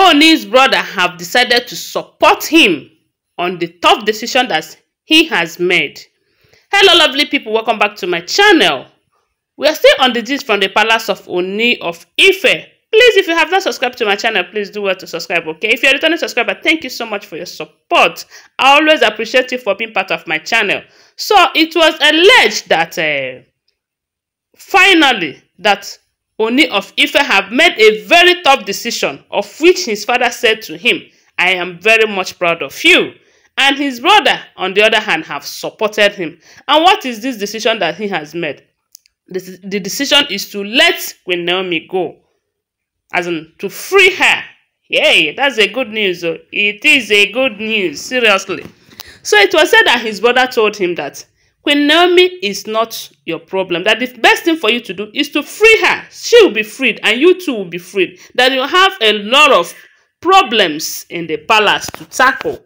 Oni's brother have decided to support him on the tough decision that he has made. Hello lovely people, welcome back to my channel. We are still on the gist from the palace of Oni of Ife. Please, if you have not subscribed to my channel, please do well to subscribe, okay? If you're a returning subscriber, thank you so much for your support. I always appreciate you for being part of my channel. So, it was alleged that, uh, finally, that Oni of Ife have made a very tough decision, of which his father said to him, I am very much proud of you. And his brother, on the other hand, have supported him. And what is this decision that he has made? The, the decision is to let Queen Naomi go, as in to free her. Yay, that's a good news. Oh. It is a good news, seriously. So it was said that his brother told him that Queen Naomi is not your problem. That the best thing for you to do is to free her. She will be freed and you too will be freed. That you have a lot of problems in the palace to tackle.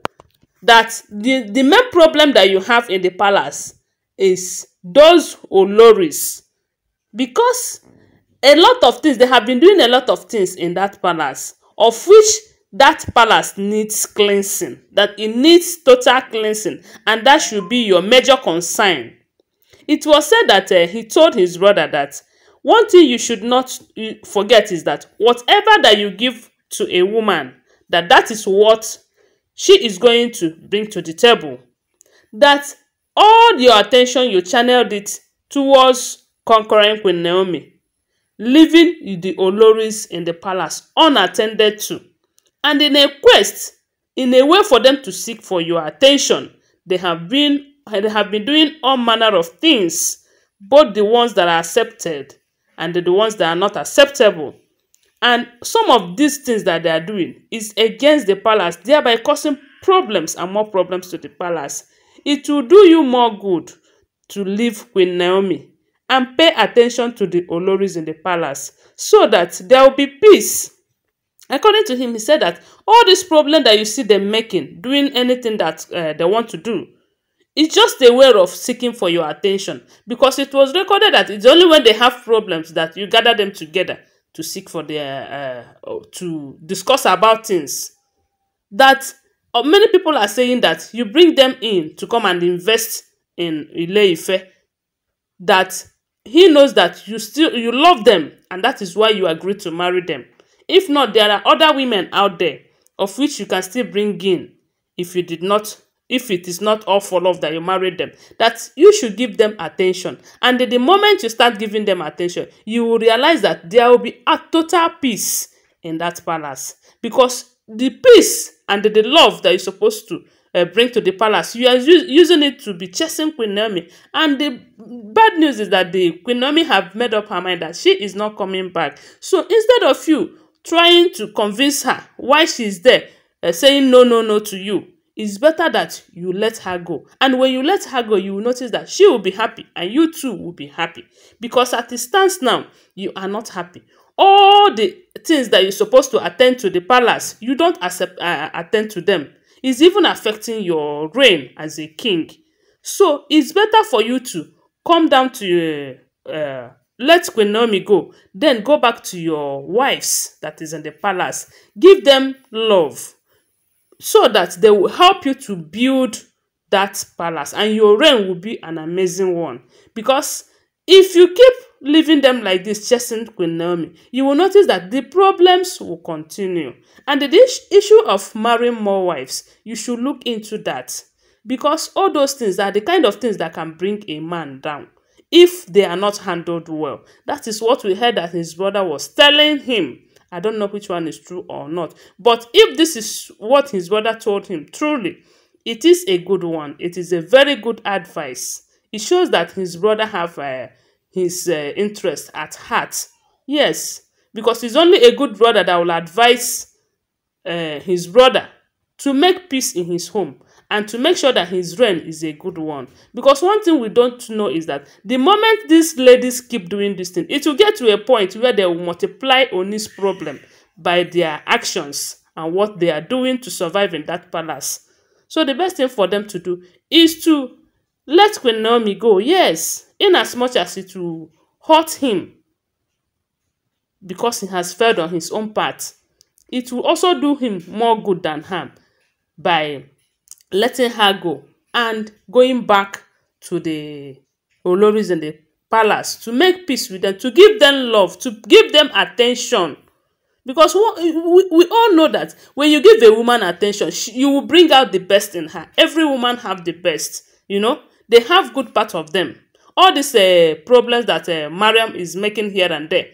That the, the main problem that you have in the palace is those Oloris. Because a lot of things, they have been doing a lot of things in that palace. Of which that palace needs cleansing, that it needs total cleansing, and that should be your major concern. It was said that uh, he told his brother that one thing you should not forget is that whatever that you give to a woman, that that is what she is going to bring to the table. That all your attention, you channeled it towards conquering Queen Naomi, leaving the Oloris in the palace unattended to. and in a quest, in a way for them to seek for your attention, they have been they have been doing all manner of things, both the ones that are accepted and the ones that are not acceptable. And some of these things that they are doing is against the palace, thereby causing problems and more problems to the palace. It will do you more good to leave Queen Naomi and pay attention to the Oloris in the palace so that there will be peace According to him, he said that all this problem that you see them making, doing anything that uh, they want to do, is just a way of seeking for your attention because it was recorded that it's only when they have problems that you gather them together to seek for their uh, oh, to discuss about things that uh, many people are saying that you bring them in to come and invest in ife. that he knows that you still you love them and that is why you agree to marry them If not, there are other women out there of which you can still bring in if you did not if it is not all for love that you married them that you should give them attention and the, moment you start giving them attention you will realize that there will be a total peace in that palace because the peace and the, love that you're supposed to uh, bring to the palace you are using it to be chasing queen naomi and the bad news is that the queen naomi have made up her mind that she is not coming back so instead of you trying to convince her why she's there, uh, saying no, no, no to you, it's better that you let her go. And when you let her go, you will notice that she will be happy and you too will be happy. Because at the stance now, you are not happy. All the things that you're supposed to attend to the palace, you don't accept, uh, attend to them. It's even affecting your reign as a king. So it's better for you to come down to uh, uh, Let Queen Naomi go. Then go back to your wives that is in the palace. Give them love so that they will help you to build that palace and your reign will be an amazing one. Because if you keep leaving them like this, chasing Queen Naomi, you will notice that the problems will continue. And the issue of marrying more wives, you should look into that. Because all those things are the kind of things that can bring a man down. if they are not handled well. That is what we heard that his brother was telling him. I don't know which one is true or not. But if this is what his brother told him, truly, it is a good one. It is a very good advice. It shows that his brother have uh, his uh, interest at heart. Yes, because it's only a good brother that will advise uh, his brother to make peace in his home. and to make sure that his reign is a good one. Because one thing we don't know is that the moment these ladies keep doing this thing, it will get to a point where they will multiply Oni's problem by their actions and what they are doing to survive in that palace. So the best thing for them to do is to let Queen Naomi go, yes, in as much as it will hurt him because he has failed on his own part. It will also do him more good than harm by letting her go and going back to the Oloris in the palace to make peace with them, to give them love, to give them attention. Because we, we, we all know that when you give a woman attention, she, you will bring out the best in her. Every woman have the best, you know. They have good part of them. All these uh, problems that uh, Mariam is making here and there,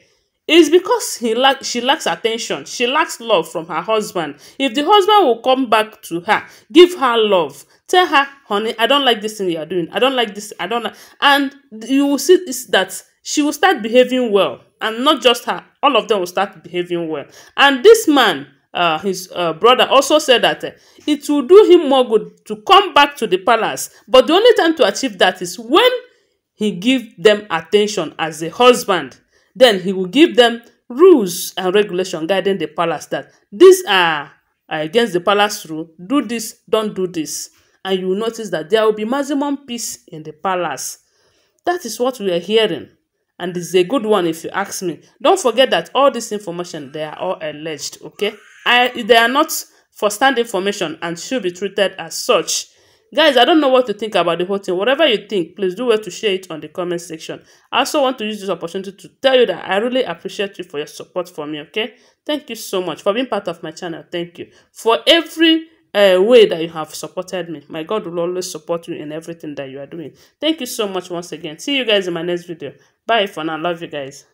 It's because he lack, she lacks attention. She lacks love from her husband. If the husband will come back to her, give her love. Tell her, honey, I don't like this thing you are doing. I don't like this. I don't. Like. And you will see this, that she will start behaving well. And not just her. All of them will start behaving well. And this man, uh, his uh, brother, also said that uh, it will do him more good to come back to the palace. But the only time to achieve that is when he gives them attention as a husband Then he will give them rules and regulation guiding the palace that these are, against the palace rule, do this, don't do this. And you will notice that there will be maximum peace in the palace. That is what we are hearing. And it's a good one if you ask me. Don't forget that all this information, they are all alleged, okay? I, they are not for stand information and should be treated as such. Guys, I don't know what to think about the whole thing. Whatever you think, please do well to share it on the comment section. I also want to use this opportunity to tell you that I really appreciate you for your support for me, okay? Thank you so much for being part of my channel. Thank you. For every uh, way that you have supported me. My God will always support you in everything that you are doing. Thank you so much once again. See you guys in my next video. Bye for now. Love you guys.